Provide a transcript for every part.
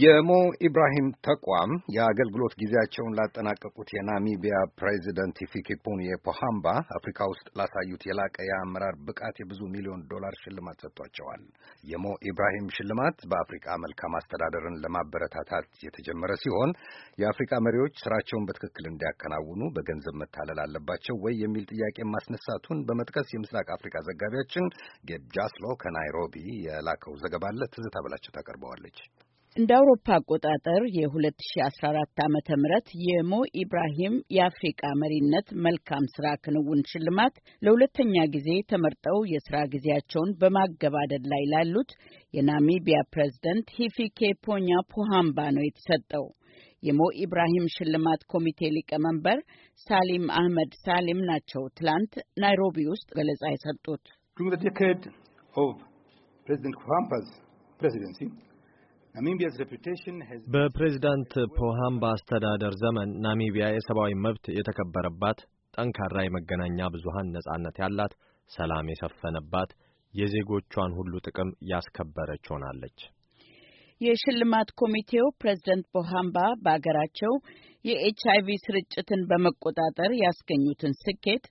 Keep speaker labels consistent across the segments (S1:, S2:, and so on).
S1: የሞ ኢብራሂም ተቋም የአገልግሎት ጊዜያቸውን ላጠናቀቁት የናሚቢያ ፕሬዚደንት ሂፊኬፑንዬ ፖሃምባ አፍሪካ ውስጥ ላሳዩት የላቀ የአመራር ብቃት የብዙ ሚሊዮን ዶላር ሽልማት ሰጥቷቸዋል። የሞ ኢብራሂም ሽልማት በአፍሪካ መልካም አስተዳደርን ለማበረታታት የተጀመረ ሲሆን የአፍሪካ መሪዎች ስራቸውን በትክክል እንዲያከናውኑ በገንዘብ መታለል አለባቸው ወይ የሚል ጥያቄ ማስነሳቱን በመጥቀስ የምስራቅ አፍሪካ ዘጋቢያችን ጌብ ጃስሎ ከናይሮቢ የላከው ዘገባ አለ። ትዝታ ብላቸው ታቀርበዋለች። እንደ አውሮፓ አቆጣጠር የ2014 ዓ ም የሞ ኢብራሂም የአፍሪቃ መሪነት መልካም ስራ ክንውን ሽልማት ለሁለተኛ ጊዜ ተመርጠው የስራ ጊዜያቸውን በማገባደድ ላይ ላሉት የናሚቢያ ፕሬዝደንት ሂፊኬ ፖኛ ፖሃምባ ነው የተሰጠው። የሞ ኢብራሂም ሽልማት ኮሚቴ ሊቀመንበር ሳሊም አህመድ ሳሊም ናቸው ትላንት ናይሮቢ ውስጥ ገለጻ የሰጡት። በፕሬዝዳንት ፖሃምባ አስተዳደር ዘመን ናሚቢያ የሰብአዊ መብት የተከበረባት፣ ጠንካራ የመገናኛ ብዙሃን ነጻነት ያላት፣ ሰላም የሰፈነባት፣ የዜጎቿን ሁሉ ጥቅም ያስከበረች ሆናለች። የሽልማት ኮሚቴው ፕሬዝደንት ቦሃምባ በሀገራቸው የኤች አይቪ ስርጭትን በመቆጣጠር ያስገኙትን ስኬት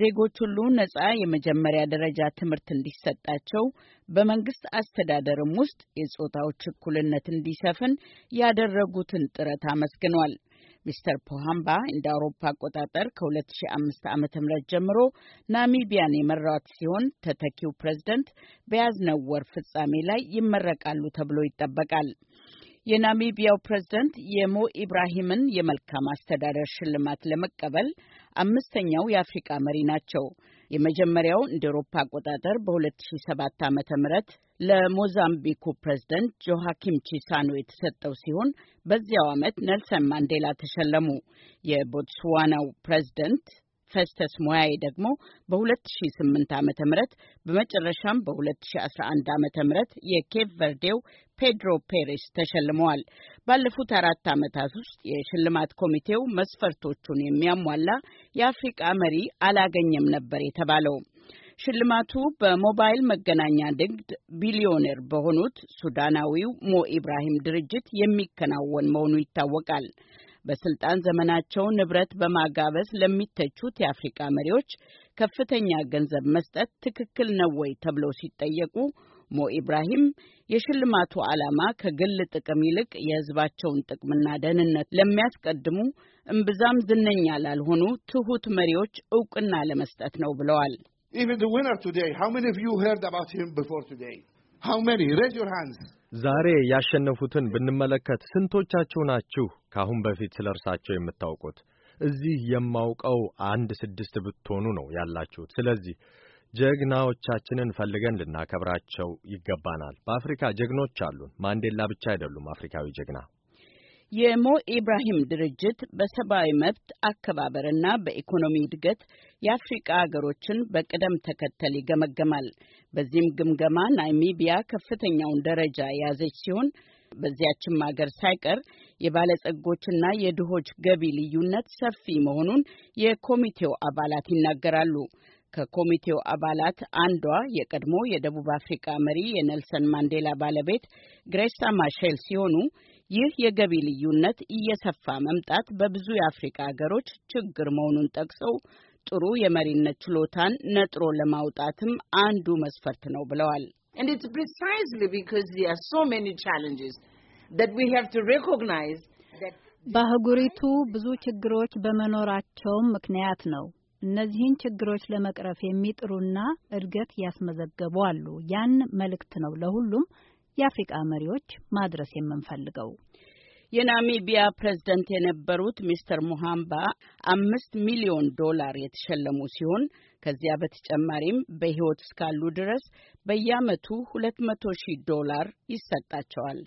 S1: ዜጎች ሁሉ ነጻ የመጀመሪያ ደረጃ ትምህርት እንዲሰጣቸው በመንግስት አስተዳደርም ውስጥ የጾታዎች እኩልነት እንዲሰፍን ያደረጉትን ጥረት አመስግኗል። ሚስተር ፖሃምባ እንደ አውሮፓ አቆጣጠር ከ2005 ዓ ም ጀምሮ ናሚቢያን የመራት ሲሆን ተተኪው ፕሬዝደንት በያዝነው ወር ፍጻሜ ላይ ይመረቃሉ ተብሎ ይጠበቃል። የናሚቢያው ፕሬዝደንት የሞ ኢብራሂምን የመልካም አስተዳደር ሽልማት ለመቀበል አምስተኛው የአፍሪቃ መሪ ናቸው። የመጀመሪያው እንደ ኤሮፓ አቆጣጠር በ2007 ዓ ም ለሞዛምቢኩ ፕሬዝደንት ጆሃኪም ቺሳኖ የተሰጠው ሲሆን በዚያው ዓመት ኔልሰን ማንዴላ ተሸለሙ። የቦትስዋናው ፕሬዝደንት ፈስተስ ሙያዬ ደግሞ በ2008 ዓ.ም በመጨረሻም በ2011 ዓ.ም የኬፕ ቨርዴው ፔድሮ ፔሬስ ተሸልመዋል። ባለፉት አራት ዓመታት ውስጥ የሽልማት ኮሚቴው መስፈርቶቹን የሚያሟላ የአፍሪቃ መሪ አላገኘም ነበር የተባለው። ሽልማቱ በሞባይል መገናኛ ንግድ ቢሊዮነር በሆኑት ሱዳናዊው ሞ ኢብራሂም ድርጅት የሚከናወን መሆኑ ይታወቃል። በስልጣን ዘመናቸው ንብረት በማጋበስ ለሚተቹት የአፍሪቃ መሪዎች ከፍተኛ ገንዘብ መስጠት ትክክል ነው ወይ ተብለው ሲጠየቁ ሞ ኢብራሂም የሽልማቱ ዓላማ ከግል ጥቅም ይልቅ የሕዝባቸውን ጥቅምና ደህንነት ለሚያስቀድሙ እምብዛም ዝነኛ ላልሆኑ ትሑት መሪዎች እውቅና ለመስጠት ነው ብለዋል። ዛሬ ያሸነፉትን ብንመለከት ስንቶቻችሁ ናችሁ ከአሁን በፊት ስለ እርሳቸው የምታውቁት? እዚህ የማውቀው አንድ ስድስት ብትሆኑ ነው ያላችሁት። ስለዚህ ጀግናዎቻችንን ፈልገን ልናከብራቸው ይገባናል። በአፍሪካ ጀግኖች አሉን። ማንዴላ ብቻ አይደሉም አፍሪካዊ ጀግና። የሞ ኢብራሂም ድርጅት በሰብአዊ መብት አከባበርና በኢኮኖሚ እድገት የአፍሪቃ ሀገሮችን በቅደም ተከተል ይገመገማል። በዚህም ግምገማ ናሚቢያ ከፍተኛውን ደረጃ የያዘች ሲሆን በዚያችም ሀገር ሳይቀር የባለጸጎችና የድሆች ገቢ ልዩነት ሰፊ መሆኑን የኮሚቴው አባላት ይናገራሉ። ከኮሚቴው አባላት አንዷ የቀድሞ የደቡብ አፍሪካ መሪ የኔልሰን ማንዴላ ባለቤት ግሬሳ ማሼል ሲሆኑ ይህ የገቢ ልዩነት እየሰፋ መምጣት በብዙ የአፍሪካ ሀገሮች ችግር መሆኑን ጠቅሰው ጥሩ የመሪነት ችሎታን ነጥሮ ለማውጣትም አንዱ መስፈርት ነው ብለዋል። And it's precisely because there are so many challenges that we have to recognize that በአህጉሪቱ ብዙ ችግሮች በመኖራቸውም ምክንያት ነው። እነዚህን ችግሮች ለመቅረፍ የሚጥሩና እድገት ያስመዘገቡ አሉ። ያን መልእክት ነው ለሁሉም የአፍሪቃ መሪዎች ማድረስ የምንፈልገው። የናሚቢያ ፕሬዝደንት የነበሩት ሚስተር ሙሃምባ አምስት ሚሊዮን ዶላር የተሸለሙ ሲሆን ከዚያ በተጨማሪም በሕይወት እስካሉ ድረስ በየዓመቱ ሁለት መቶ ሺህ ዶላር ይሰጣቸዋል።